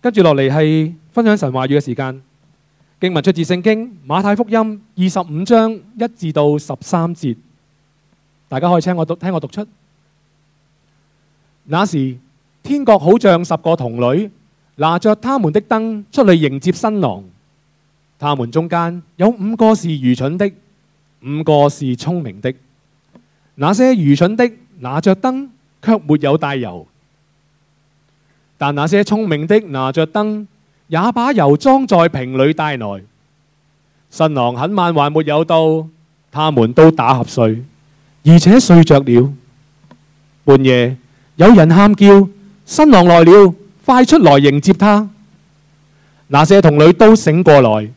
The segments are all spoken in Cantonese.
跟住落嚟係分享神話語嘅時間，經文出自聖經馬太福音二十五章一至到十三節，大家可以聽我讀，聽我讀出。那時，天國好像十個童女，拿着他們的燈出嚟迎接新郎。他們中間有五個是愚蠢的，五個是聰明的。那些愚蠢的拿着燈，卻沒有帶油。但那些聰明的拿着燈，也把油裝在瓶裏帶來。新郎很晚還沒有到，他們都打瞌睡，而且睡着了。半夜有人喊叫：新郎來了，快出來迎接他！那些童女都醒過來，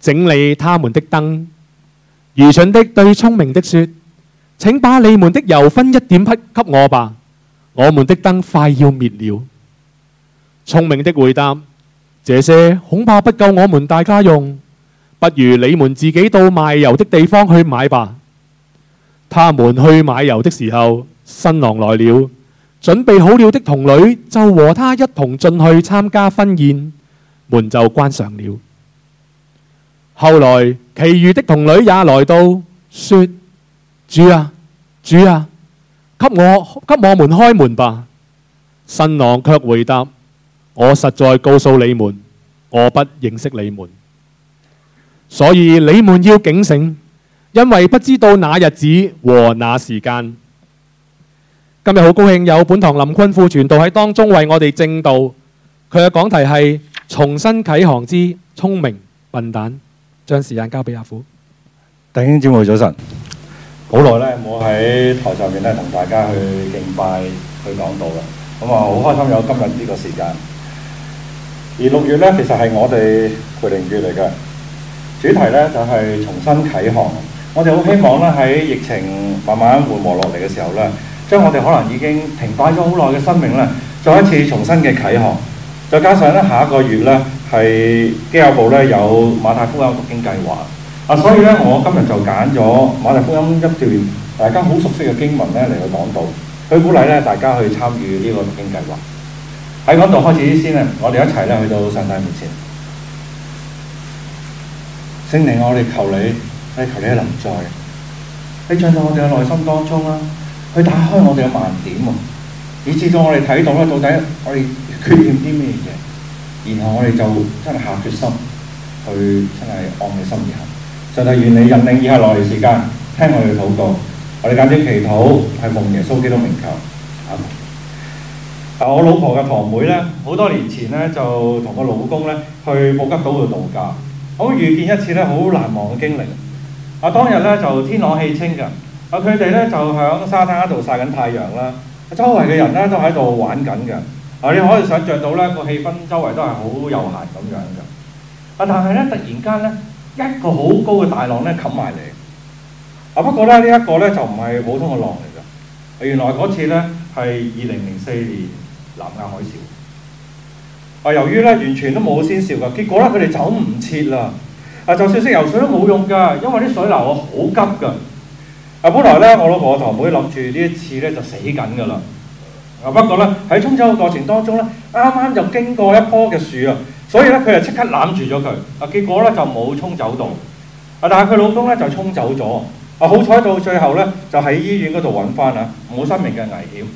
整理他們的燈。愚蠢的對聰明的說：請把你們的油分一點給給我吧，我們的燈快要滅了。聰明的回答，這些恐怕不夠我們大家用，不如你們自己到賣油的地方去買吧。他們去買油的時候，新郎來了，準備好了的童女就和他一同進去參加婚宴，門就關上了。後來，其餘的童女也來到，說：“主啊，主啊，給我，給我們開門吧。”新郎卻回答：我實在告訴你們，我不認識你們，所以你們要警醒，因為不知道那日子和那時間。今日好高興有本堂林坤富傳道喺當中為我哋證道，佢嘅講題係《重新啟航之聰明笨蛋》，將時間交俾阿虎。弟兄姊妹早晨，好耐咧，冇喺台上面咧同大家去敬拜、去講道啦，咁啊好開心有今日呢個時間。而六月咧，其實係我哋培靈月嚟嘅主題咧，就係重新啟航。我哋好希望咧，喺疫情慢慢緩和落嚟嘅時候咧，將我哋可能已經停擺咗好耐嘅生命咧，再一次重新嘅啟航。再加上咧，下一個月咧，係基友部咧有馬太福音讀經計劃。啊，所以咧，我今日就揀咗馬太福音一段大家好熟悉嘅經文咧嚟去講道，去鼓勵咧大家去參與呢個讀經計劃。喺嗰度開始先啊！我哋一齊咧去到上帝面前，聖靈，我哋求你，我哋求你臨在，你進入我哋嘅內心當中啦，去打開我哋嘅盲點，以至到我哋睇到咧，到底我哋缺欠啲咩嘢，然後我哋就真係下決心去真係按你心意行。上帝願你引領以下落嚟時間，聽我哋禱告，我哋簡直祈禱，係蒙耶穌基督名求，阿我老婆嘅堂妹咧，好多年前咧就同個老公咧去布吉島度度假，我遇見一次咧好難忘嘅經歷。啊，當日咧就天朗氣清㗎，啊佢哋咧就響沙灘度曬緊太陽啦，啊周圍嘅人咧都喺度玩緊嘅，啊你可以想像到咧個氣氛，周圍都係好悠閒咁樣嘅。啊，但係咧突然間咧一個好高嘅大浪咧冚埋嚟。啊不過咧呢一個咧就唔係普通嘅浪嚟㗎，原來嗰次咧係二零零四年。南亞海嘯啊，由於咧完全都冇先兆噶，結果咧佢哋走唔切啦。啊，就算識游水都冇用噶，因為啲水流啊好急噶。啊，本來咧我老婆同我堂妹諗住呢一次咧就死緊噶啦。啊，不過咧喺沖走嘅過程當中咧，啱啱就經過一棵嘅樹啊，所以咧佢就即刻攬住咗佢。啊，結果咧就冇沖走到。啊，但係佢老公咧就沖走咗。啊，好彩到最後咧就喺醫院嗰度揾翻啊，冇生命嘅危險。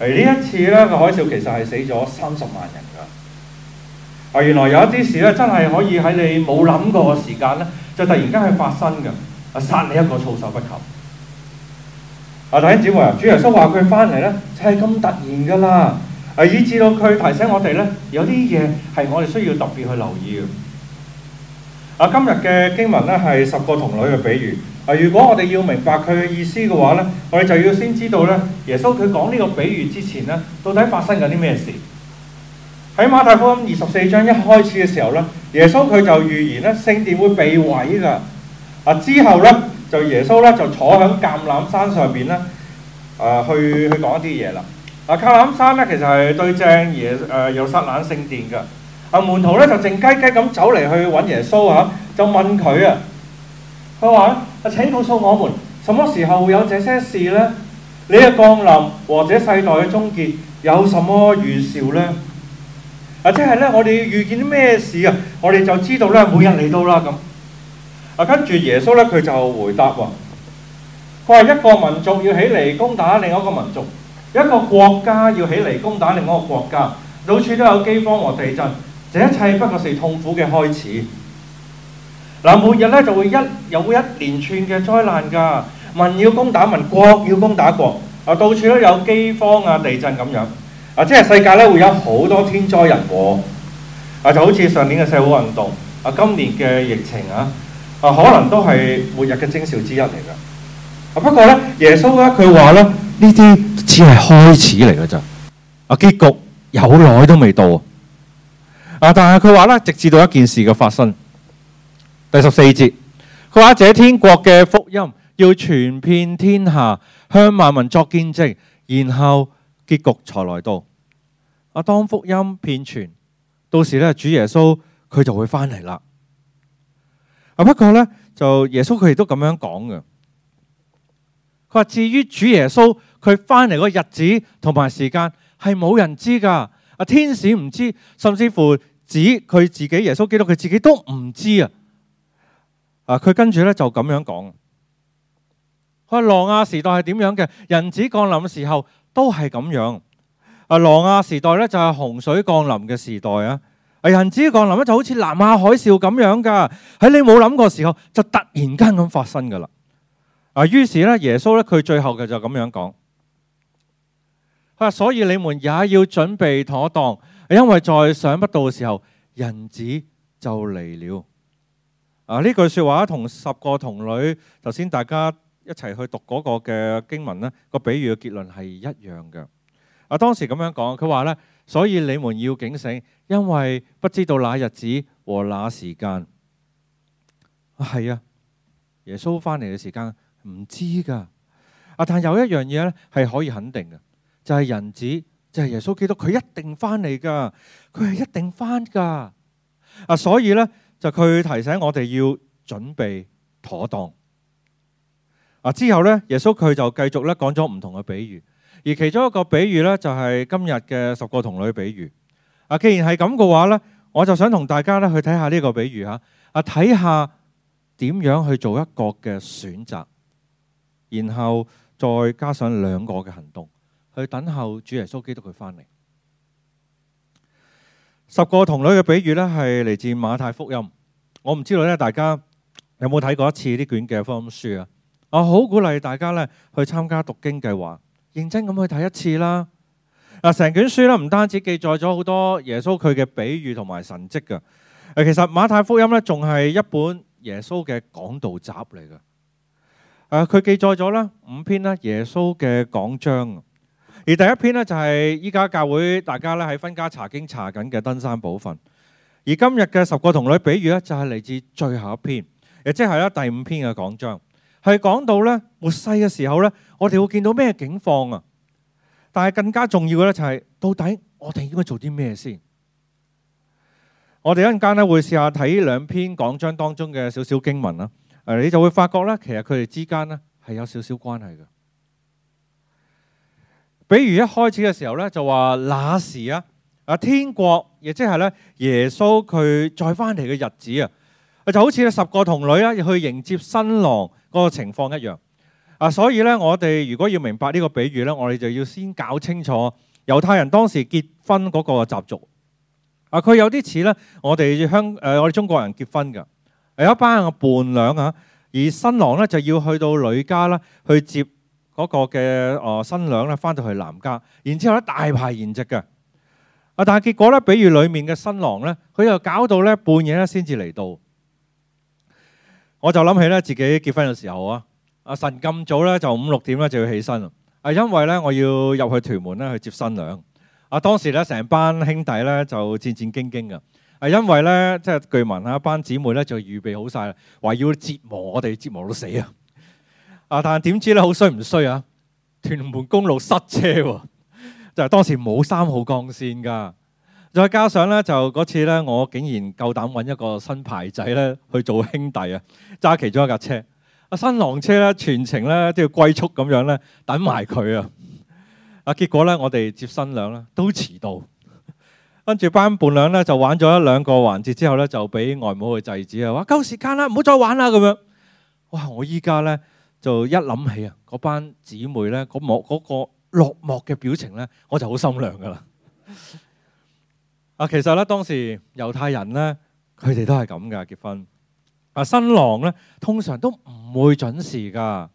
誒呢一次咧個海嘯其實係死咗三十萬人㗎。啊，原來有一啲事咧真係可以喺你冇諗過嘅時間咧，就突然間去發生㗎。啊，殺你一個措手不及。啊，第一唔，啊，主耶穌話佢翻嚟咧，就係咁突然㗎啦。啊，以至到佢提醒我哋咧，有啲嘢係我哋需要特別去留意嘅。啊，今日嘅經文咧係十個童女嘅比喻。如果我哋要明白佢嘅意思嘅話咧，我哋就要先知道咧，耶穌佢講呢個比喻之前咧，到底發生緊啲咩事？喺馬太福音二十四章一開始嘅時候咧，耶穌佢就預言咧，聖殿會被毀㗎。嗱，之後咧，就耶穌咧就坐喺橄欖山上邊咧，誒去去講一啲嘢啦。嗱，橄欖山咧其實係對正耶誒，耶路、呃、撒冷聖殿㗎。啊，門徒咧就靜雞雞咁走嚟去揾耶穌呀，就問佢啊，佢話。啊！請告訴我們，什麼時候會有這些事呢？你嘅降臨或者世代嘅終結有什麼預兆呢？啊，即係咧，我哋要預見啲咩事啊？我哋就知道咧，每日嚟到啦咁。啊，跟住耶穌咧，佢就回答話：佢話一個民族要起嚟攻打另一個民族，一個國家要起嚟攻打另一個國家，到處都有饑荒和地震，這一切不過是痛苦嘅開始。嗱，末日咧就會一有會一連串嘅災難㗎，民要攻打民，國要攻打國，啊，到處都有饑荒啊、地震咁樣，啊，即係世界咧會有好多天災人禍，啊，就好似上年嘅社會運動，啊，今年嘅疫情啊，啊，可能都係末日嘅徵兆之一嚟㗎。啊，不過咧，耶穌咧佢話咧，呢啲只係開始嚟㗎咋，啊，結局有耐都未到，啊，但係佢話咧，直至到一件事嘅發生。第十四節，佢話：這天國嘅福音要傳遍天下，向萬民作見證，然後結局才來到。啊，當福音遍傳，到時咧，主耶穌佢就會翻嚟啦。啊，不過呢，就耶穌佢亦都咁樣講嘅。佢話：至於主耶穌佢翻嚟個日子同埋時間係冇人知噶。啊，天使唔知，甚至乎指佢自己耶穌基督，佢自己都唔知啊。啊！佢跟住咧就咁樣講，佢話，挪亞時代係點樣嘅？人子降臨嘅時候都係咁樣。啊，挪亞時代咧就係洪水降臨嘅時代啊，人子降臨咧就好似南亞海嘯咁樣噶，喺你冇諗過時候就突然間咁發生噶啦。啊，於是咧耶穌咧佢最後嘅就咁樣講，佢話，所以你們也要準備妥當，因為在想不到嘅時候，人子就嚟了。啊！呢句說話同十個童女頭先大家一齊去讀嗰個嘅經文咧，個比喻嘅結論係一樣嘅。啊，當時咁樣講，佢話咧，所以你們要警醒，因為不知道那日子和那時間。係啊，耶穌翻嚟嘅時間唔知噶。啊，但有一樣嘢咧係可以肯定嘅，就係人子，就係耶穌基督，佢一定翻嚟噶，佢係一定翻噶。啊，所以呢。就佢提醒我哋要準備妥當。之後呢，耶穌佢就繼續咧講咗唔同嘅比喻，而其中一個比喻呢，就係今日嘅十個童女比喻。啊，既然係咁嘅話呢，我就想同大家咧去睇下呢個比喻吓，啊，睇下點樣去做一個嘅選擇，然後再加上兩個嘅行動，去等候主耶穌基督佢返嚟。十個童女嘅比喻咧，係嚟自馬太福音。我唔知道咧，大家有冇睇過一次呢卷嘅福音書啊？我好鼓勵大家咧去參加讀經計劃，認真咁去睇一次啦。嗱，成卷書咧唔單止記載咗好多耶穌佢嘅比喻同埋神蹟嘅。誒，其實馬太福音咧仲係一本耶穌嘅講道集嚟嘅。誒，佢記載咗咧五篇咧耶穌嘅講章。而第一篇呢，就係依家教會大家咧喺分家查經查緊嘅登山部分，而今日嘅十個童女比喻呢，就係嚟自最後一篇，亦即係咧第五篇嘅講章，係講到呢，末世嘅時候呢，我哋會見到咩境況啊？但係更加重要嘅呢，就係，到底我哋應該做啲咩先？我哋一陣間呢，會試下睇兩篇講章當中嘅少少經文啦。誒，你就會發覺呢，其實佢哋之間呢，係有少少關係嘅。比如一開始嘅時候咧，就話那時啊，啊天國，亦即係咧，耶穌佢再翻嚟嘅日子啊，就好似十個童女啊去迎接新郎嗰個情況一樣。啊，所以咧我哋如果要明白呢個比喻咧，我哋就要先搞清楚猶太人當時結婚嗰個習俗。啊，佢有啲似咧我哋香，誒我哋中國人結婚㗎，有一班嘅伴娘啊，而新郎咧就要去到女家啦去接。嗰個嘅哦新娘咧翻到去男家，然之後咧大排筵席嘅啊，但係結果咧，比如裡面嘅新郎咧，佢又搞到咧半夜咧先至嚟到，我就諗起咧自己結婚嘅時候啊，阿神咁早咧就五六點咧就要起身啊，係因為咧我要入去屯門咧去接新娘啊，當時咧成班兄弟咧就戰戰兢兢嘅，係因為咧即係據聞啊班姊妹咧就預備好晒啦，話要折磨我哋折磨到死啊！啊！但係點知咧，好衰唔衰啊？屯門公路塞車喎、啊，就係、是、當時冇三號幹線㗎。再加上咧，就嗰次咧，我竟然夠膽揾一個新牌仔咧去做兄弟啊，揸其中一架車啊，新郎車咧全程咧都要龜速咁樣咧等埋佢啊。啊！結果咧，我哋接新娘啦都遲到，跟住班伴娘咧就玩咗一兩個環節之後咧，就俾外母去制止啊，話夠時間啦，唔好再玩啦咁樣。哇！我依家咧～就一諗起啊，嗰班姊妹呢，嗰幕嗰個落寞嘅表情呢，我就好心涼噶啦。啊，其實呢，當時猶太人呢，佢哋都係咁噶結婚。啊，新郎呢，通常都唔會準時噶，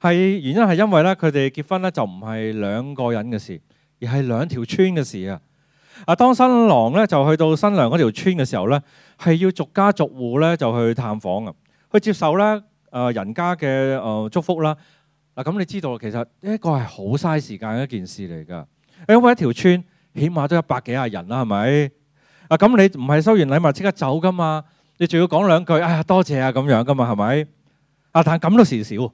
係原因係因為呢，佢哋結婚呢，就唔係兩個人嘅事，而係兩條村嘅事啊。啊，當新郎呢，就去到新娘嗰條村嘅時候呢，係要逐家逐戶呢，就去探訪啊，去接受呢。誒人家嘅誒祝福啦，嗱咁你知道其實呢一個係好嘥時間嘅一件事嚟㗎，因為一條村起碼都一百幾廿人啦，係咪？啊咁你唔係收完禮物即刻走㗎嘛？你仲要講兩句，哎呀多謝啊咁樣㗎嘛，係咪？啊但咁都事少，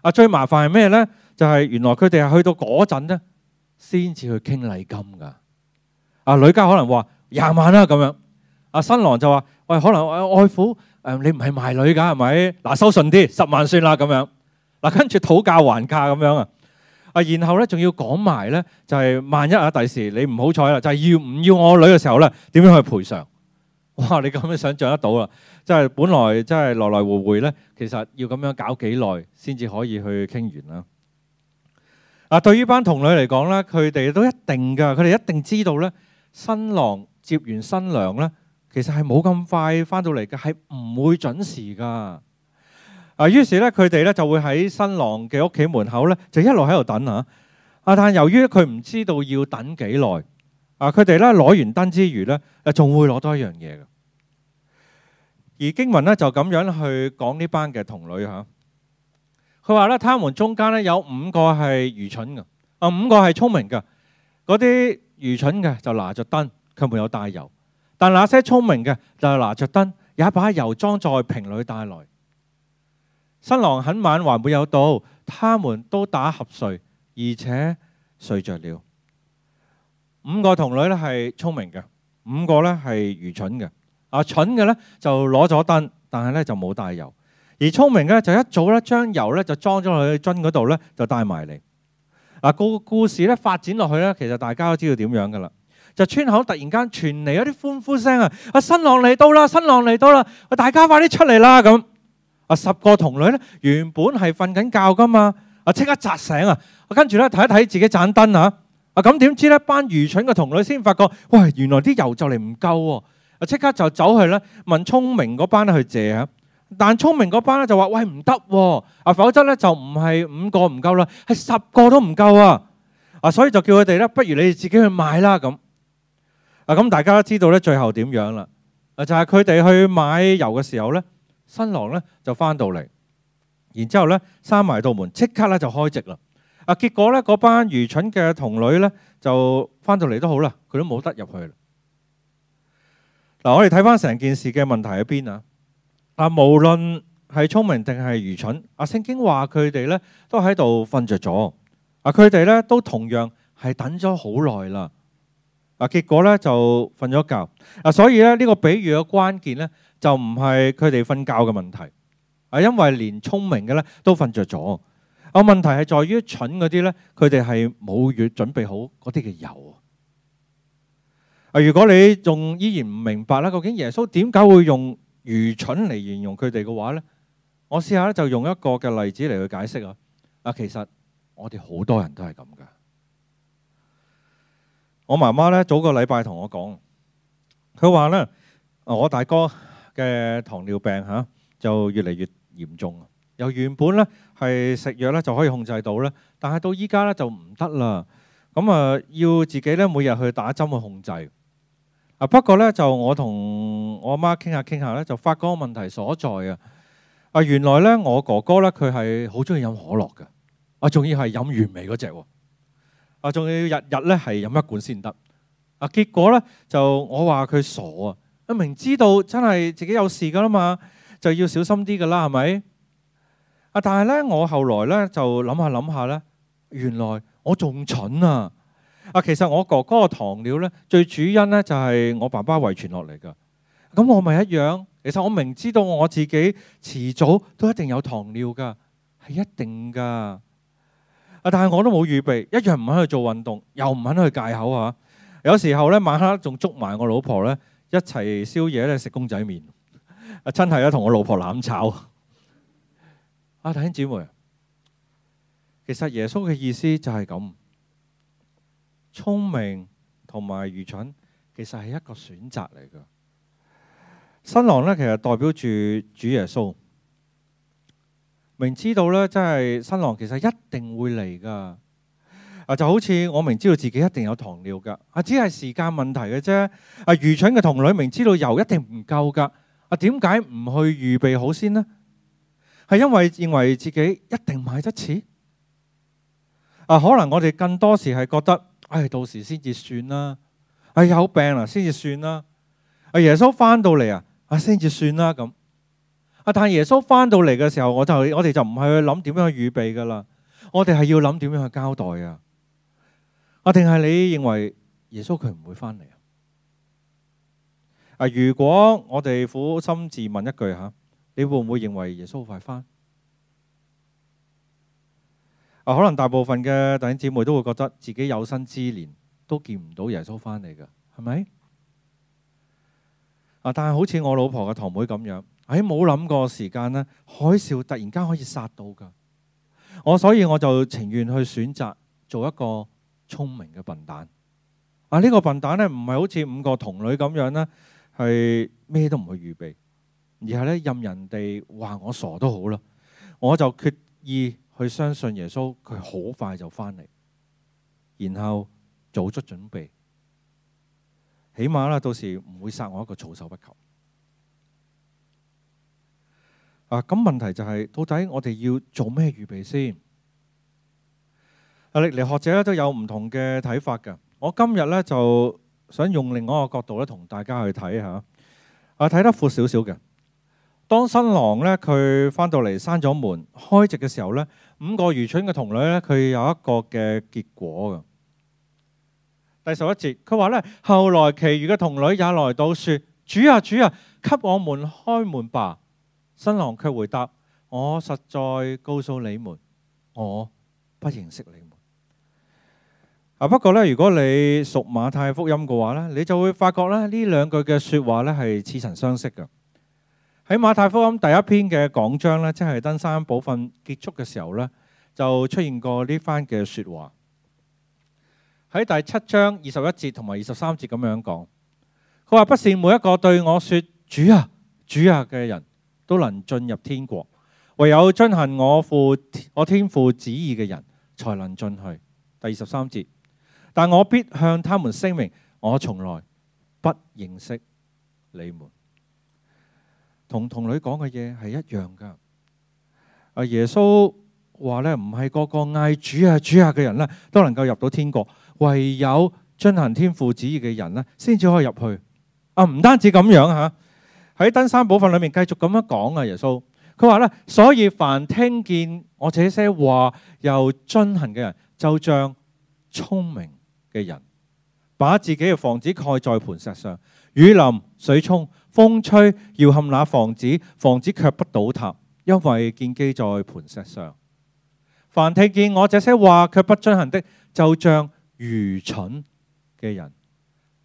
啊最麻煩係咩咧？就係、係、原來佢哋係去到嗰陣咧，先至去傾禮金㗎。啊女家可能話廿萬啦咁樣，啊新郎就話喂、哎、可能、哎、外父。誒，你唔係賣女㗎，係咪？嗱，收信啲，十萬算啦咁樣。嗱，跟住討價還價咁樣啊。啊，然後咧，仲要講埋咧，就係萬一啊，第時你唔好彩啦，就係要唔要我女嘅時候咧，點樣去賠償？哇！你咁樣想像得到啊？即係本來即係來來回回咧，其實要咁樣搞幾耐先至可以去傾完啦。啊，對於班童女嚟講咧，佢哋都一定㗎，佢哋一定知道咧，新郎接完新娘咧。其實係冇咁快返到嚟嘅，係唔會準時㗎。啊，於是咧，佢哋咧就會喺新郎嘅屋企門口咧，就一路喺度等嚇。啊，但由於佢唔知道要等幾耐，啊，佢哋咧攞完燈之餘咧，誒仲會攞多一樣嘢嘅。而經文咧就咁樣去講呢班嘅童女嚇。佢話咧，他們中間咧有五個係愚蠢嘅，啊，五個係聰明嘅。嗰啲愚蠢嘅就拿着燈，佢沒有帶油。但那些聰明嘅就係拿着燈，也把油裝在瓶裏帶來。新郎很晚還沒有到，他們都打瞌睡，而且睡着了。五個童女咧係聰明嘅，五個咧係愚蠢嘅。啊，蠢嘅咧就攞咗燈，但係咧就冇帶油。而聰明嘅就一早咧將油咧就裝咗落去樽嗰度咧就帶埋嚟。嗱，個故事咧發展落去咧，其實大家都知道點樣噶啦。就村口突然間傳嚟一啲歡呼聲啊！啊新郎嚟到啦，新郎嚟到啦！啊大家快啲出嚟啦！咁啊十個童女咧，原本係瞓緊覺噶嘛，啊即刻扎醒啊！啊跟住咧睇一睇自己盞燈嚇啊，咁點知呢班愚蠢嘅童女先發覺，喂原來啲油就嚟唔夠喎！啊即刻就走去咧問聰明嗰班去借嚇，但聰明嗰班咧就話：喂唔得喎！啊否則咧就唔係五個唔夠啦，係十個都唔夠啊！啊所以就叫佢哋咧，不如你哋自己去買啦咁。嗱咁大家都知道咧，最後點樣啦？啊，就係佢哋去買油嘅時候咧，新郎咧就翻到嚟，然之後咧閂埋道門，即刻咧就開席啦。啊，結果咧嗰班愚蠢嘅童女咧就翻到嚟都好啦，佢都冇得入去啦。嗱，我哋睇翻成件事嘅問題喺邊啊？啊，無論係聰明定係愚蠢，啊聖經話佢哋咧都喺度瞓着咗。啊，佢哋咧都同樣係等咗好耐啦。嗱，結果咧就瞓咗覺。嗱，所以咧呢個比喻嘅關鍵咧就唔係佢哋瞓覺嘅問題。啊，因為連聰明嘅咧都瞓著咗。啊，問題係在於蠢嗰啲咧，佢哋係冇預準備好嗰啲嘅油。啊，如果你仲依然唔明白咧，究竟耶穌點解會用愚蠢嚟形容佢哋嘅話咧？我試下咧就用一個嘅例子嚟去解釋啊。啊，其實我哋好多人都係咁噶。我媽媽呢早個禮拜同我講，啊，仲要日日咧係飲一罐先得。啊，結果呢，就我話佢傻啊！明知道真係自己有事噶啦嘛，就要小心啲噶啦，係咪？啊，但係呢，我後來呢，就諗下諗下呢，原來我仲蠢啊！啊，其實我哥哥個糖尿呢，最主因呢就係我爸爸遺傳落嚟㗎。咁我咪一樣。其實我明知道我自己遲早都一定有糖尿病㗎，係一定㗎。但係我都冇預備，一樣唔肯去做運動，又唔肯去戒口啊！有時候咧，晚黑仲捉埋我老婆呢，一齊宵夜呢食公仔麵。啊，真係啊，同我老婆攬炒。啊，弟兄姊妹，其實耶穌嘅意思就係咁，聰明同埋愚蠢其實係一個選擇嚟嘅。新郎呢，其實代表住主耶穌。明知道咧，真係新郎其實一定會嚟噶。啊，就好似我明知道自己一定有糖尿噶，啊，只係時間問題嘅啫。啊，愚蠢嘅童女明知道油一定唔夠噶，啊，點解唔去預備好先呢？係因為認為自己一定買得切？啊，可能我哋更多時係覺得，哎，到時先至算啦。哎，有病啦，先至算啦。啊，耶穌翻到嚟啊，啊，先至算啦咁。啊！但耶穌翻到嚟嘅時候，我就我哋就唔係去諗點樣去預備噶啦，我哋係要諗點樣去交代啊！啊，定係你認為耶穌佢唔會翻嚟啊？如果我哋苦心自問一句吓，你會唔會認為耶穌快翻？啊！可能大部分嘅弟兄姊妹都會覺得自己有生之年都見唔到耶穌翻嚟噶，係咪？啊！但係好似我老婆嘅堂妹咁樣。喺冇諗過時間呢，海嘯突然間可以殺到噶，我所以我就情願去選擇做一個聰明嘅笨蛋。啊，呢個笨蛋呢，唔係好似五個童女咁樣呢，係咩都唔去預備，而係呢，任人哋話我傻都好啦，我就決意去相信耶穌，佢好快就翻嚟，然後做出準備，起碼啦，到時唔會殺我一個措手不及。啊，咁問題就係、是，到底我哋要做咩預備先？啊，歷來學者都有唔同嘅睇法嘅。我今日呢，就想用另外一個角度咧同大家去睇下，啊睇得闊少少嘅。當新郎呢，佢翻到嚟閂咗門開席嘅時候呢，五個愚蠢嘅童女呢，佢有一個嘅結果嘅。第十一節佢話呢，後來其餘嘅童女也來到説：主啊主啊，給我們開門吧！新郎卻回答：我實在告訴你們，我不認識你們。啊，不過呢，如果你熟馬太福音嘅話呢，你就會發覺咧呢兩句嘅説話係似曾相識嘅。喺馬太福音第一篇嘅講章，即係登山寶訓結束嘅時候呢，就出現過呢番嘅説話。喺第七章二十一節同埋二十三節咁樣講，佢話：不是每一個對我説主啊主啊嘅人。都能進入天國，唯有遵行我父我天父旨意嘅人，才能進去。第二十三節，但我必向他們聲明，我從來不認識你們。同童女講嘅嘢係一樣㗎。啊，耶穌話咧，唔係個個嗌主啊主啊嘅人咧，都能夠入到天國。唯有遵行天父旨意嘅人呢，先至可以入去。啊，唔單止咁樣嚇。喺登山寶訓裏面繼續咁樣講啊，耶穌佢話咧，所以凡聽見我這些話又遵行嘅人，就像聰明嘅人，把自己嘅房子蓋在磐石上，雨淋水沖，風吹，搖撼那房子，房子卻不倒塌，因為建基在磐石上。凡聽見我這些話卻不遵行的，就像愚蠢嘅人，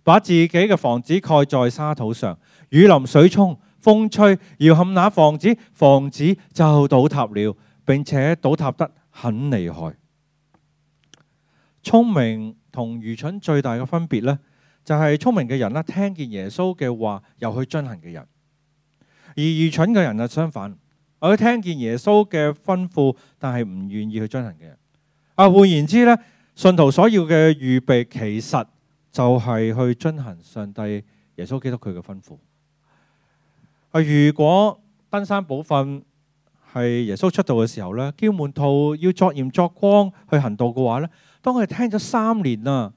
把自己嘅房子蓋在沙土上，雨淋水沖，風吹，搖撼那房子，房子就倒塌了，並且倒塌得很厲害。聰明同愚蠢最大嘅分別呢，就係、是、聰明嘅人咧，聽見耶穌嘅話又去遵行嘅人，而愚蠢嘅人啊相反，佢聽見耶穌嘅吩咐，但係唔願意去遵行嘅人。啊，換言之呢，信徒所要嘅預備，其實。就係、是、去遵行上帝耶穌基督佢嘅吩咐。啊，如果登山寶訓係耶穌出道嘅時候咧，叫門徒要作鹽作光去行道嘅話咧，當佢哋聽咗三年啦，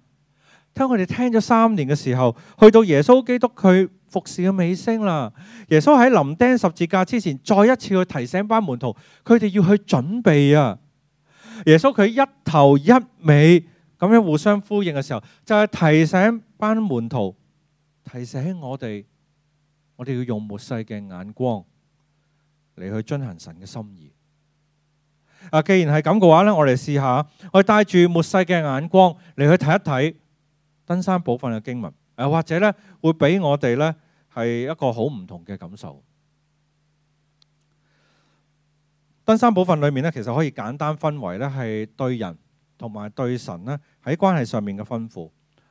當佢哋聽咗三年嘅時候，去到耶穌基督佢服侍嘅尾聲啦，耶穌喺臨釘十字架之前，再一次去提醒班門徒，佢哋要去準備啊。耶穌佢一頭一尾。咁樣互相呼應嘅時候，就係、是、提醒班門徒，提醒我哋，我哋要用末世嘅眼光嚟去遵行神嘅心意。既然係咁嘅話呢，我哋試下，我,們試試我們帶住末世嘅眼光嚟去睇一睇登山寶訓嘅經文，或者呢會俾我哋呢係一個好唔同嘅感受。登山寶訓裏面呢，其實可以簡單分為呢係對人，同埋對神呢，喺關係上面嘅吩咐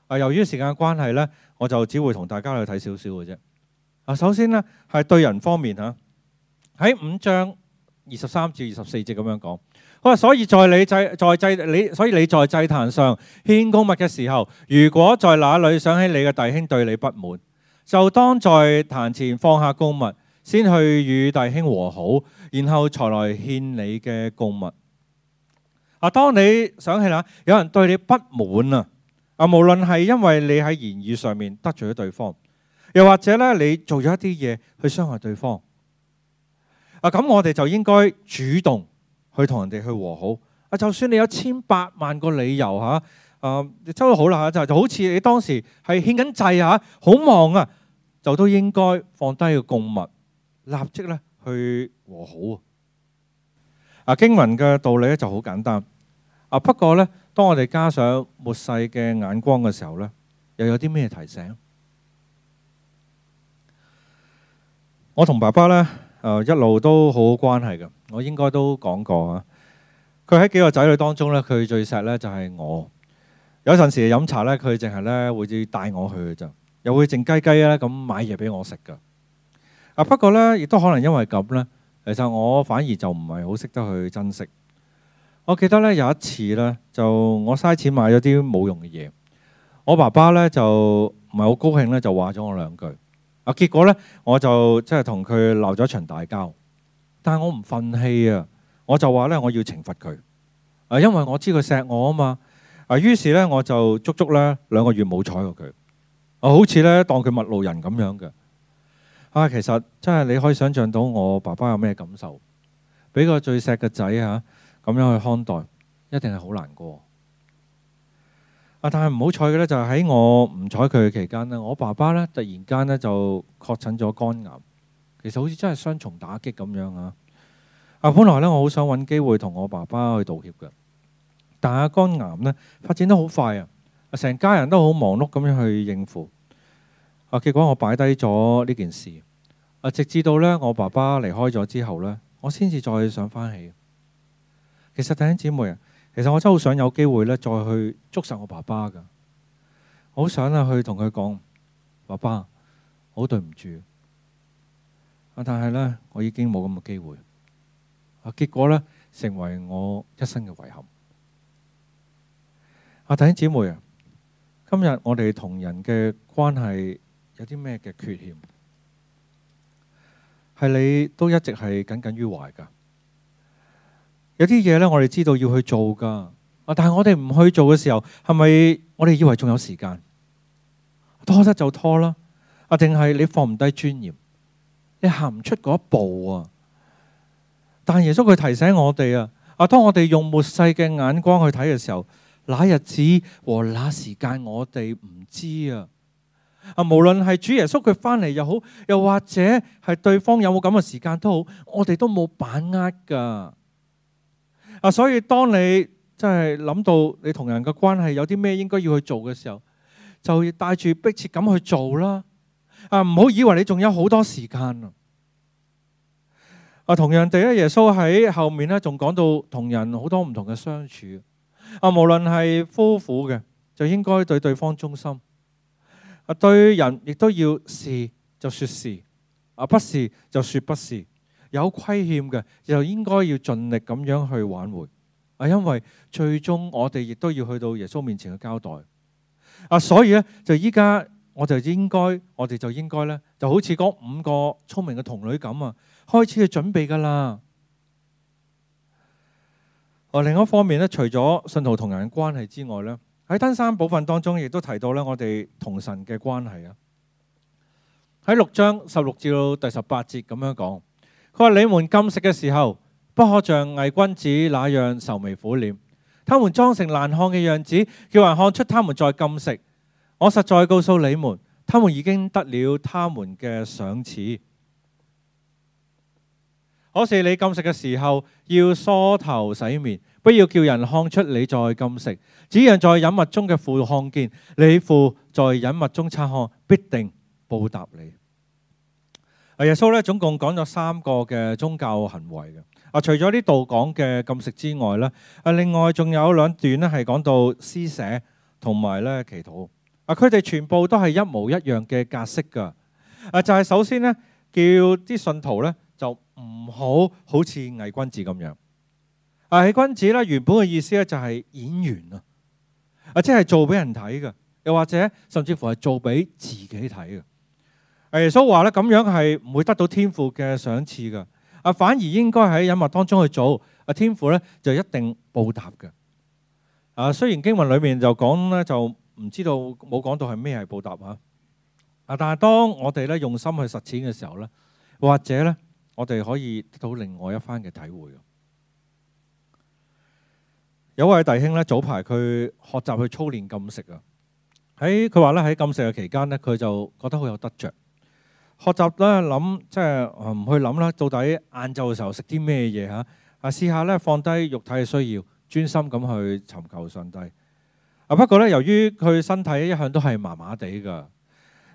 啊，由於時間嘅關係呢，我就只會同大家去睇少少嘅啫。啊，首先呢，係對人方面嚇，喺五章二十三至二十四節咁樣講，好話所以在你祭在祭你，所以你在祭壇上獻公物嘅時候，如果在那裡想起你嘅弟兄對你不滿，就當在壇前放下公物，先去與弟兄和好，然後才來獻你嘅公物。啊！當你想起啦，有人對你不滿啊！啊，無論係因為你喺言語上面得罪咗對方，又或者咧你做咗一啲嘢去傷害對方，啊咁我哋就應該主動去同人哋去和好。啊，就算你有千百萬個理由嚇，啊，周都好啦嚇，就好就好似你當時係欠緊債嚇，好忙啊，就都應該放低個供物，立即咧去和好。啊，經文嘅道理咧就好簡單。啊，不過呢，當我哋加上末世嘅眼光嘅時候呢，又有啲咩提醒？我同爸爸呢，誒一路都好好關係嘅。我應該都講過啊。佢喺幾個仔女當中呢，佢最錫呢就係我。有陣時飲茶呢，佢淨係呢會至帶我去嘅咋，又會靜雞雞咧咁買嘢俾我食噶。不過呢，亦都可能因為咁呢。其實我反而就唔係好識得去珍惜。我記得呢有一次呢，就我嘥錢買咗啲冇用嘅嘢，我爸爸呢就唔係好高興呢就話咗我兩句。啊，結果呢，我就即係同佢鬧咗場大交。但係我唔憤氣啊，我就話呢我要懲罰佢啊，因為我知佢錫我啊嘛。啊，於是呢，我就足足呢兩個月冇睬過佢，啊，好似呢當佢陌路人咁樣嘅。啊，其實真係你可以想象到我爸爸有咩感受，俾個最錫嘅仔吓咁樣去看待，一定係好難過的。啊，但係唔好彩嘅，呢，就喺我唔睬佢嘅期間呢，我爸爸呢突然間呢就確診咗肝癌。其實好似真係雙重打擊咁樣啊！啊，本來呢，我好想揾機會同我爸爸去道歉嘅，但係肝癌呢發展得好快啊，成家人都好忙碌咁樣去應付啊，結果我擺低咗呢件事。直至到咧我爸爸離開咗之後呢，我先至再想翻起。其實弟兄姊妹啊，其實我真好想有機會咧再去捉實我爸爸噶，好想啊去同佢講，爸爸，好對唔住。啊，但係呢，我已經冇咁嘅機會。啊，結果呢，成為我一生嘅遺憾。啊，弟兄姊妹啊，今日我哋同人嘅關係有啲咩嘅缺陷？係你都一直係耿耿於懷噶，有啲嘢呢，我哋知道要去做噶，啊，但係我哋唔去做嘅時候，係咪我哋以為仲有時間拖得就拖啦？啊，定係你放唔低尊嚴，你行唔出嗰一步啊？但耶穌佢提醒我哋啊，啊，當我哋用末世嘅眼光去睇嘅時候，那日子和那時間我哋唔知啊。啊，無論係主耶穌佢翻嚟又好，又或者係對方有冇咁嘅時間都好，我哋都冇把握噶。啊，對人亦都要是就説是，啊不是就説不是。有虧欠嘅就應該要盡力咁樣去挽回。啊，因為最終我哋亦都要去到耶穌面前嘅交代。啊，所以呢，就依家我就應該，我哋就應該呢，就好似嗰五個聰明嘅童女咁啊，開始去準備㗎喇。啊，另一方面呢，除咗信徒同人嘅關係之外呢，喺登山部分當中，亦都提到咧，我哋同神嘅關係啊。喺六章十六至到第十八節咁樣講，佢話你們禁食嘅時候，不可像偽君子那樣愁眉苦臉，他們裝成難看嘅樣子，叫人看出他們在禁食。我實在告訴你們，他們已經得了他們嘅賞賜。可是你禁食嘅時候要梳頭洗面，不要叫人看出你在禁食，只讓在隱密中嘅父看見，你父在隱密中察看，必定報答你。啊耶穌咧總共講咗三個嘅宗教行為嘅，啊除咗呢度講嘅禁食之外咧，啊另外仲有兩段咧係講到施捨同埋咧祈禱。啊佢哋全部都係一模一樣嘅格式噶，啊就係、是、首先呢，叫啲信徒咧。唔好好似偽君子咁樣，偽君子咧原本嘅意思咧就係演員啊，啊即係做俾人睇嘅，又或者甚至乎係做俾自己睇嘅。誒，所以話咧咁樣係唔會得到天父嘅賞賜嘅，啊反而應該喺隱密當中去做，啊天父咧就一定報答嘅。啊雖然經文裏面就講咧就唔知道冇講到係咩係報答啊，啊但係當我哋咧用心去實踐嘅時候咧，或者咧。我哋可以得到另外一番嘅體會。有位弟兄呢，早排佢學習去操練禁食啊。喺佢話咧，喺禁食嘅期間呢，佢就覺得好有得着。學習咧諗，即係唔去諗啦，到底晏晝嘅時候食啲咩嘢嚇？啊，試下呢，放低肉體嘅需要，專心咁去尋求上帝。啊，不過呢，由於佢身體一向都係麻麻地㗎。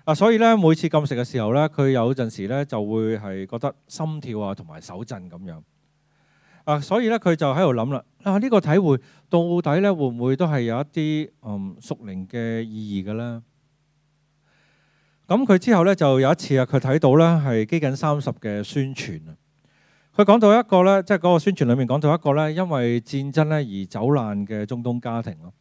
啊，所以咧，每次禁食嘅時候咧，佢有陣時咧就會係覺得心跳啊，同埋手震咁樣啊。所以咧，佢就喺度諗啦啊。呢個體會到底咧會唔會都係有一啲嗯屬靈嘅意義嘅咧？咁佢之後咧就有一次啊，佢睇到咧係饑饉三十嘅宣傳啊。佢講到一個咧，即係嗰個宣傳裡面講到一個咧，因為戰爭咧而走難嘅中東家庭咯。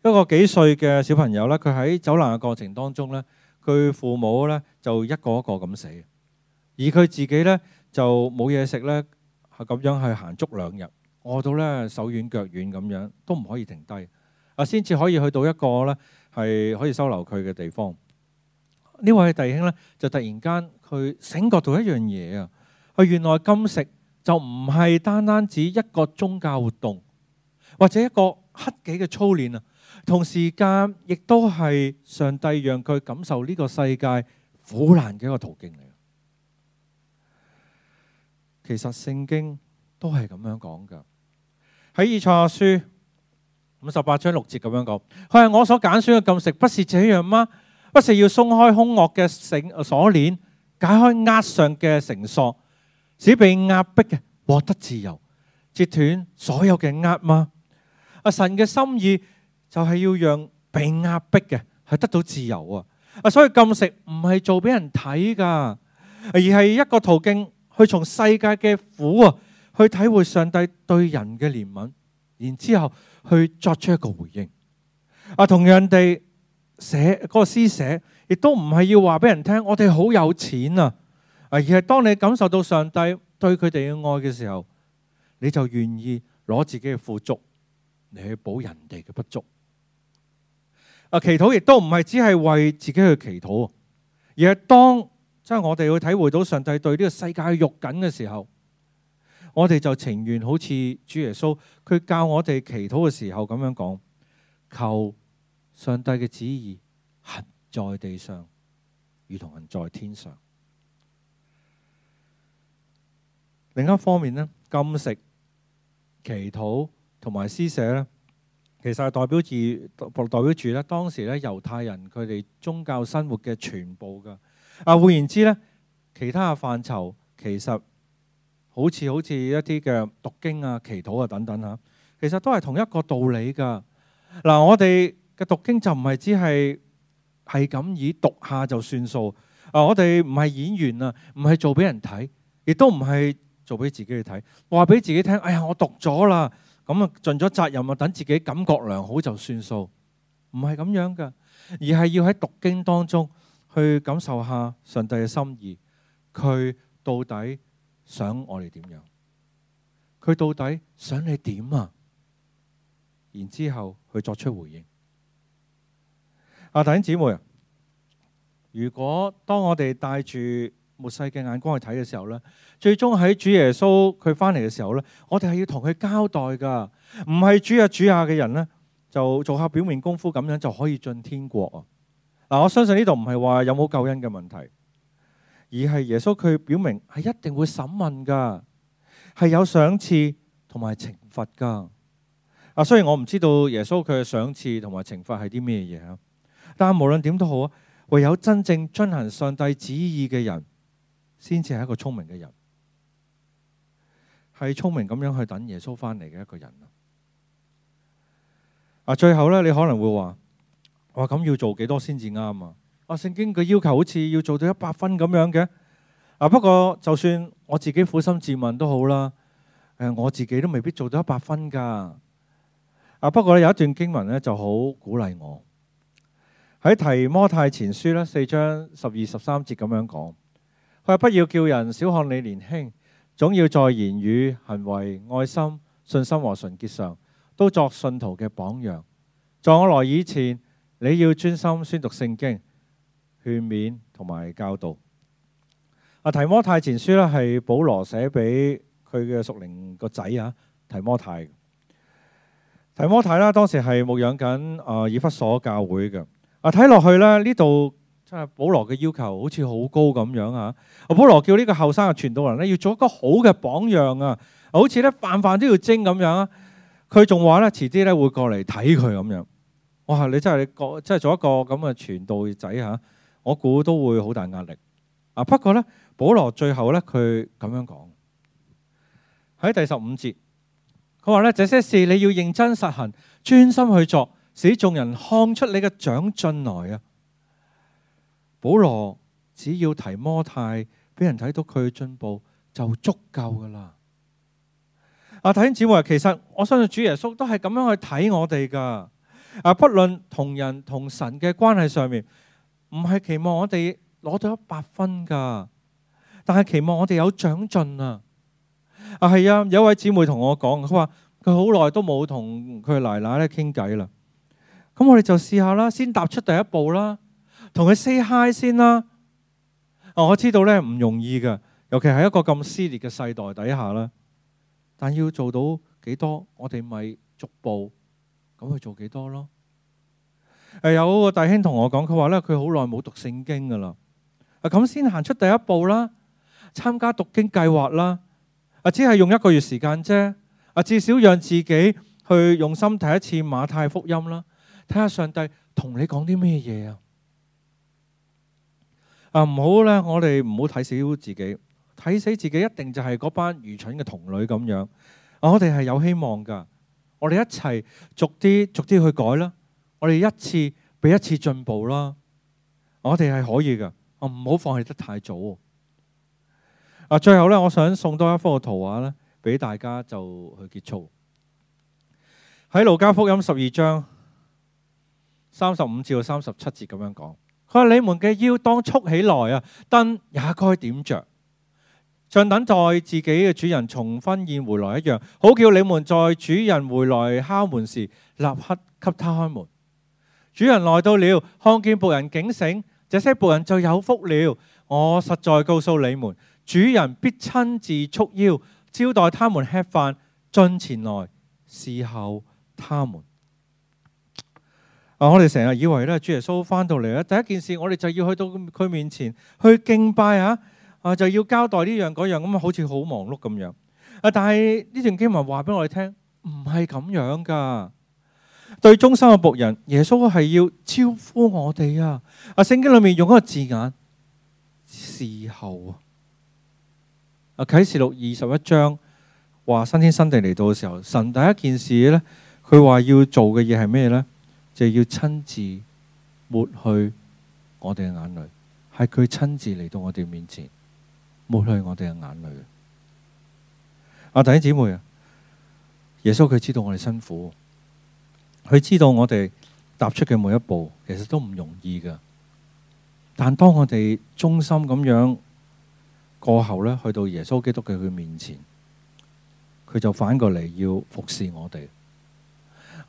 一個幾歲嘅小朋友咧，佢喺走難嘅過程當中咧。佢父母咧就一個一個咁死，而佢自己咧就冇嘢食咧，係咁樣去行足兩日，餓到咧手軟腳軟咁樣，都唔可以停低，啊先至可以去到一個咧係可以收留佢嘅地方。呢位弟兄咧就突然間佢醒覺到一樣嘢啊，佢原來禁食就唔係單單指一個宗教活動，或者一個克己嘅操練啊。同時間亦都係上帝讓佢感受呢個世界苦難嘅一個途徑嚟。其實聖經都係咁樣講噶。喺以賽亞書五十八章六節咁樣講：佢係我所揀選嘅禁食，不是這樣嗎？不是要鬆開凶惡嘅繩鎖鏈，解開軛上嘅繩索，使被壓迫嘅獲得自由，截斷所有嘅軛嗎？啊，神嘅心意。就係、是、要讓被壓迫嘅係得到自由啊！啊，所以禁食唔係做俾人睇噶，而係一個途徑去從世界嘅苦啊，去體會上帝對人嘅憐憫，然之後去作出一個回應。啊、那個，同樣地，寫嗰個施捨亦都唔係要話俾人聽我哋好有錢啊，而係當你感受到上帝對佢哋嘅愛嘅時候，你就願意攞自己嘅富足嚟去補人哋嘅不足。啊！祈禱亦都唔係只係為自己去祈禱，而係當即係我哋去體會到上帝對呢個世界肉緊嘅時候，我哋就情願好似主耶穌佢教我哋祈禱嘅時候咁樣講，求上帝嘅旨意行在地上，如同行在天上。另一方面呢，禁食、祈禱同埋施捨呢其實係代表住，代表住咧，當時咧猶太人佢哋宗教生活嘅全部㗎。啊，換言之咧，其他嘅範疇其實好似好似一啲嘅讀經啊、祈禱啊等等吓，其實都係同一個道理㗎。嗱，我哋嘅讀經就唔係只係係咁以讀下就算數。啊，我哋唔係演員啊，唔係做俾人睇，亦都唔係做俾自己去睇，話俾自己聽。哎呀，我讀咗啦。咁啊，盡咗責任啊，等自己感覺良好就算數，唔係咁樣噶，而係要喺讀經當中去感受下上帝嘅心意，佢到底想我哋點樣？佢到底想你點啊？然之後去作出回應。啊，弟兄姊妹，如果當我哋帶住末世嘅眼光去睇嘅時候呢，最終喺主耶穌佢返嚟嘅時候呢，我哋係要同佢交代噶，唔係主啊主啊嘅人呢，就做下表面功夫咁樣就可以進天國啊！嗱，我相信呢度唔係話有冇救恩嘅問題，而係耶穌佢表明係一定會審問噶，係有賞賜同埋懲罰噶。啊，雖然我唔知道耶穌佢嘅賞賜同埋懲罰係啲咩嘢，但係無論點都好啊，唯有真正遵行上帝旨意嘅人。先至係一個聰明嘅人，係聰明咁樣去等耶穌返嚟嘅一個人咯。啊，最後咧，你可能會話：我咁要做幾多先至啱啊？啊，聖經嘅要求好似要做到一百分咁樣嘅。啊，不過就算我自己苦心自問都好啦，誒，我自己都未必做到一百分㗎。啊，不過咧有一段經文咧就好鼓勵我，喺提摩太前書咧四章十二十三節咁樣講。佢話：不要叫人小看你年輕，總要在言語、行為、愛心、信心和純潔上，都作信徒嘅榜樣。在我來以前，你要專心宣讀聖經，勸勉同埋教導。啊，提摩太前書咧係保羅寫俾佢嘅屬靈個仔啊，提摩太。提摩太啦，當時係牧養緊啊以弗所教會嘅。啊，睇落去咧呢度。真係保羅嘅要求好似好高咁樣啊。阿保羅叫呢個後生嘅傳道人咧要做一個好嘅榜樣啊，好似咧飯飯都要蒸咁樣。佢仲話咧，遲啲咧會過嚟睇佢咁樣。哇！你真係你過，真係做一個咁嘅傳道仔嚇，我估都會好大壓力。啊不過咧，保羅最後咧佢咁樣講喺第十五節，佢話咧這些事你要認真實行，專心去做，使眾人看出你嘅長進來啊。保羅只要提摩太俾人睇到佢嘅進步就足夠噶啦。啊，弟兄姊妹，其實我相信主耶穌都係咁樣去睇我哋噶。啊，不論同人同神嘅關係上面，唔係期望我哋攞到一百分噶，但係期望我哋有長進啊。啊，係啊，有位姊妹同我講，佢話佢好耐都冇同佢奶奶咧傾偈啦。咁我哋就試下啦，先踏出第一步啦。同佢 say hi 先啦。啊，我知道咧唔容易噶，尤其喺一個咁撕裂嘅世代底下啦。但要做到幾多，我哋咪逐步咁去做幾多咯。誒，有個弟兄同我講，佢話咧佢好耐冇讀聖經噶啦。啊，咁先行出第一步啦，參加讀經計劃啦。啊，只係用一個月時間啫。啊，至少讓自己去用心睇一次馬太福音啦，睇下上帝同你講啲咩嘢啊。啊，唔好咧！我哋唔好睇死自己，睇死自己一定就係嗰班愚蠢嘅童女咁樣。我哋係有希望噶，我哋一齊逐啲逐啲去改啦。我哋一次比一次進步啦。我哋係可以噶，唔好放棄得太早。啊，最後咧，我想送多一幅圖畫咧，俾大家就去結束。喺路加福音十二章三十五至到三十七節咁樣講。佢話你們嘅腰當束起來啊，燈也該點着，像等待自己嘅主人重婚宴回來一樣，好叫你們在主人回來敲門時，立刻給他開門。主人來到了，看見僕人警醒，這些僕人就有福了。我實在告訴你們，主人必親自束腰，招待他們吃飯，進前來侍候他們。啊！我哋成日以為咧，主耶穌翻到嚟咧，第一件事我哋就要去到佢面前去敬拜啊！啊，就要交代呢樣嗰樣，咁啊，好似好忙碌咁樣。啊！但係呢段經文話俾我哋聽，唔係咁樣噶。對忠心嘅僕人，耶穌係要招呼我哋啊！啊，聖經裏面用一個字眼，侍候啊。啟示錄二十一章話新天新地嚟到嘅時候，神第一件事咧，佢話要做嘅嘢係咩咧？就是要親自抹去我哋嘅眼淚，係佢親自嚟到我哋面前抹去我哋嘅眼淚。啊，弟兄姐妹啊，耶穌佢知道我哋辛苦，佢知道我哋踏出嘅每一步其實都唔容易噶。但當我哋忠心咁樣過後呢，去到耶穌基督嘅佢面前，佢就反過嚟要服侍我哋。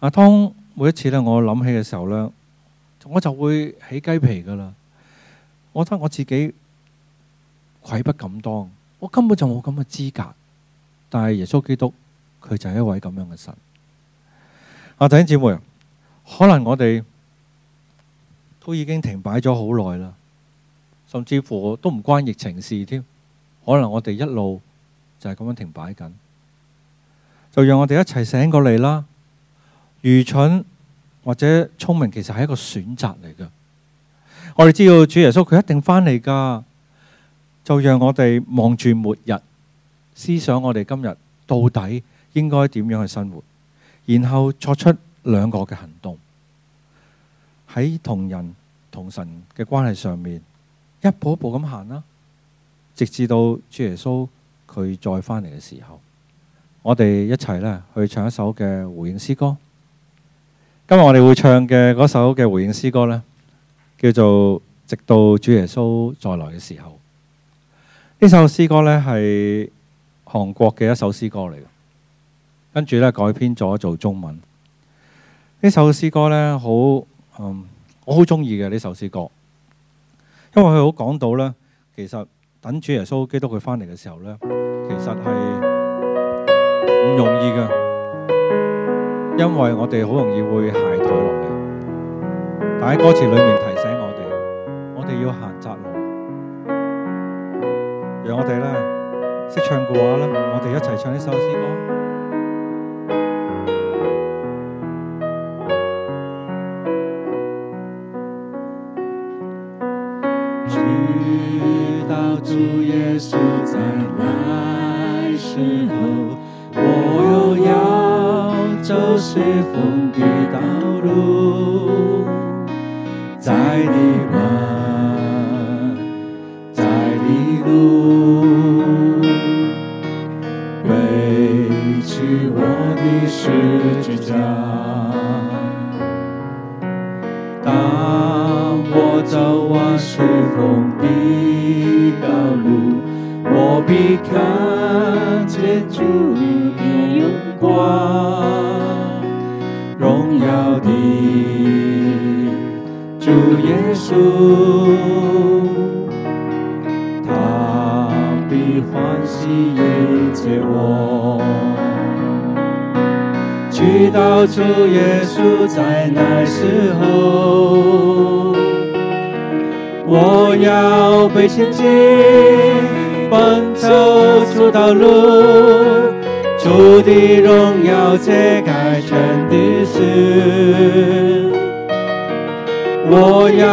阿湯。每一次咧，我諗起嘅時候呢，我就會起雞皮噶啦。我覺得我自己愧不敢當，我根本就冇咁嘅資格。但係耶穌基督，佢就係一位咁樣嘅神。阿弟兄姊妹，可能我哋都已經停擺咗好耐啦，甚至乎都唔關疫情事添。可能我哋一路就係咁樣停擺緊，就讓我哋一齊醒過嚟啦。愚蠢或者聰明，其實係一個選擇嚟嘅。我哋知道主耶穌佢一定返嚟㗎，就讓我哋望住末日，思想我哋今日到底應該點樣去生活，然後作出兩個嘅行動，喺同人同神嘅關係上面，一步一步咁行啦，直至到主耶穌佢再返嚟嘅時候，我哋一齊呢去唱一首嘅回應詩歌。今日我哋會唱嘅嗰首嘅回應詩歌呢，叫做《直到主耶穌再來嘅時候》。呢首詩歌呢，係韓國嘅一首詩歌嚟嘅，跟住呢，改編咗做中文。呢首詩歌呢，好，嗯，我好中意嘅呢首詩歌，因為佢好講到呢，其實等主耶穌基督佢返嚟嘅時候呢，其實係唔容易嘅。因為我哋好容易會懈怠落嚟，但喺歌詞裏面提醒我哋，我哋要行窄路，讓我哋咧識唱嘅話咧，我哋一齊唱呢首詩歌。主隨風的道路，在你們在你的路，背起我的十字架。當我走完十架的道路，我必看見主你的榮光。主耶穌，他必歡喜迎接我。去到主耶穌在那時候，我要背信心，奔走出道路，主的榮耀遮蓋全地是。我要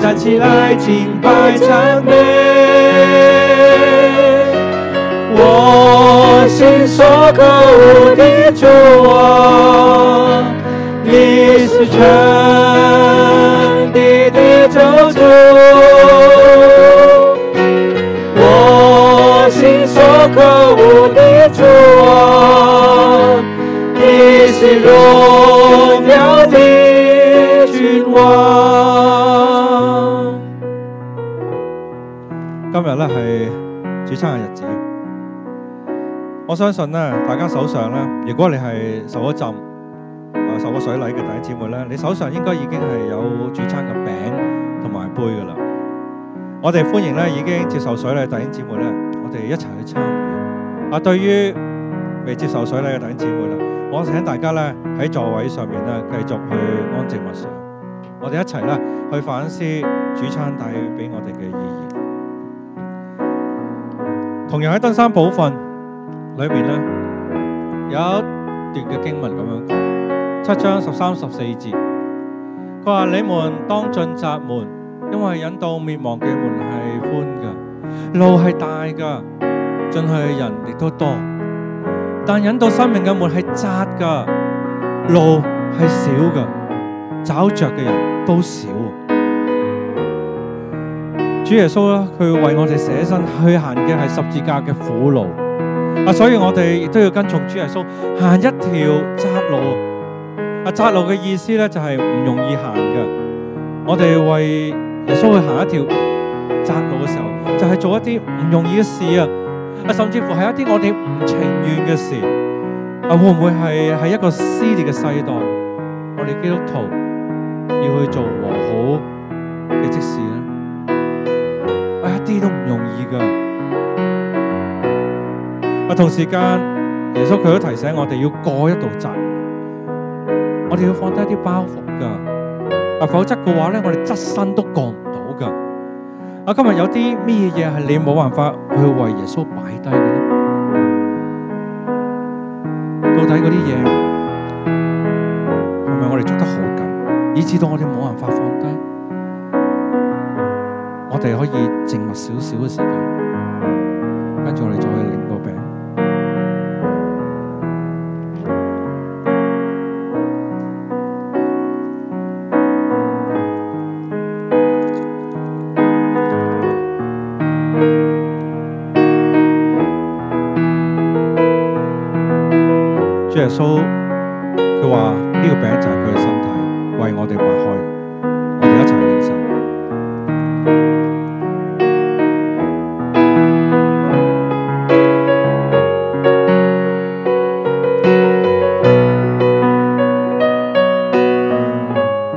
站起來，敬拜讚美。我心所靠無的主啊，你是真的的救主。我心所靠無的主啊，你是榮耀的君王。今日咧係主餐嘅日子，我相信咧大家手上咧，如果你係受咗浸，受過水禮嘅弟兄姐妹咧，你手上應該已經係有主餐嘅餅同埋杯噶啦。我哋歡迎咧已經接受水禮嘅弟兄姐妹咧，我哋一齊去參與。啊，對於未接受水禮嘅弟兄姐妹啦，我請大家咧喺座位上面咧繼續去安靜默想。我哋一齊咧去反思主餐帶俾我哋嘅意義。同樣喺登山寶訓裏面咧，有一段嘅經文咁樣講，七章十三十四節，佢話：你們當進窄門，因為引導滅亡嘅門係寬嘅，路係大嘅，進去嘅人亦都多；但引導生命嘅門係窄嘅，路係小嘅，找著嘅人都少。主耶穌啦，佢為我哋捨身去行嘅係十字架嘅苦路啊，所以我哋亦都要跟從主耶穌行一條窄路啊！窄路嘅意思咧就係唔容易行嘅。我哋為耶穌去行一條窄路嘅時候，就係做一啲唔容易嘅事啊！啊，甚至乎係一啲我哋唔情願嘅事啊，會唔會係喺一個撕裂嘅世代？我哋基督徒要去做和好嘅職事咧？啲都唔容易噶，啊，同時間耶穌佢都提醒我哋要過一度閘，我哋要放低一啲包袱噶，啊，否則嘅話咧我哋側身都過唔到噶。啊今日有啲咩嘢係你冇辦法去為耶穌擺低嘅咧？到底嗰啲嘢係咪我哋捉得好緊，以至到我哋冇辦法？我哋可以靜默少少嘅時間，跟住我哋再嚟。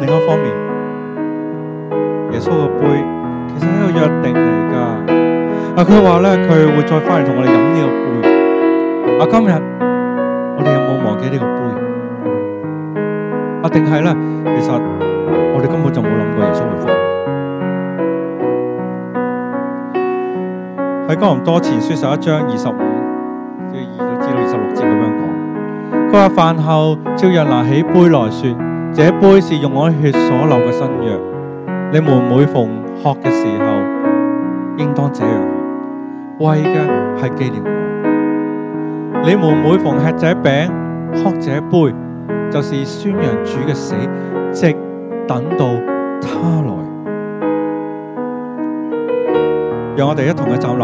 另一方面，耶穌個杯其實係一個約定嚟㗎、啊、佢佢話咧佢會再返嚟同我哋飲呢個杯。啊、今日我哋有冇忘記呢個杯？定、啊、係呢，其實我哋根本就冇諗過耶穌會返嚟。喺哥林多前書十一章二十五至二十六節咁樣講，佢話飯後照樣拿起杯來說。這杯是用我血所流嘅新約，你們每逢喝嘅時候，應當這樣，為嘅係紀念我。你們每逢吃這餅、喝這杯，就是宣揚主嘅死，直等到他來。讓我哋一同去站立。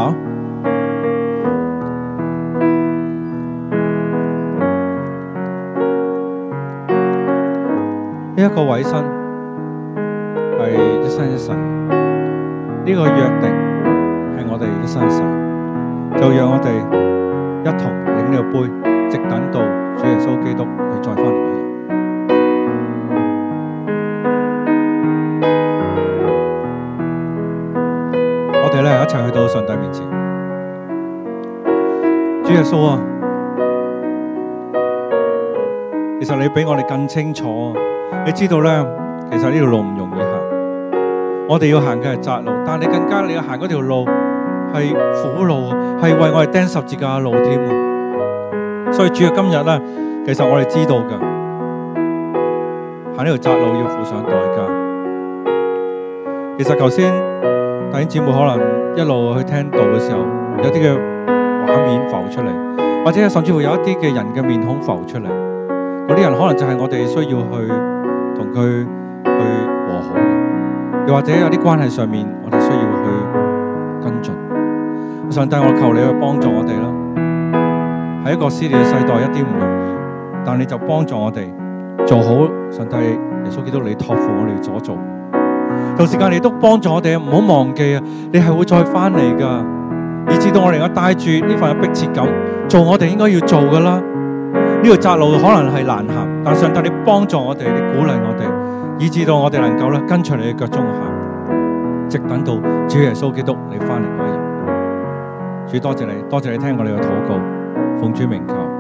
這個委身是一生一世，呢、這個約定是我哋一生一世，就讓我哋一同飲這個杯，直等到主耶穌基督去再返嚟。我哋呢，一齊去到上帝面前，主耶穌啊，其實你比我哋更清楚。你知道咧，其實呢條路唔容易行，我哋要行嘅係窄路，但你更加你要行嗰條路係苦路，係為我哋釘十字架嘅路添。所以主啊，住今日咧，其實我哋知道㗎，行呢條窄路要付上代價。其實頭先大英姐妹可能一路去聽道嘅時候，有啲嘅畫面浮出嚟，或者甚至乎有一啲嘅人嘅面孔浮出嚟，嗰啲人可能就係我哋需要去。去去和好，又或者有啲關係上面，我哋需要去跟進。上帝，我求你去幫助我哋啦。喺一個撕裂嘅世代，一啲唔容易，但你就幫助我哋做好。上帝，耶穌基督，你託付我哋所做，同時間你都幫助我哋唔好忘記啊！你係會再翻嚟噶，以至到我哋而家帶住呢份迫切感做我哋應該要做噶啦。呢條窄路可能係難行，但上帝你幫助我哋，你鼓勵我哋，以至到我哋能夠跟隨你嘅腳蹤行，直等到主耶穌基督你返嚟嗰一日。主多謝你，多謝你聽我哋嘅禱告，奉主名求。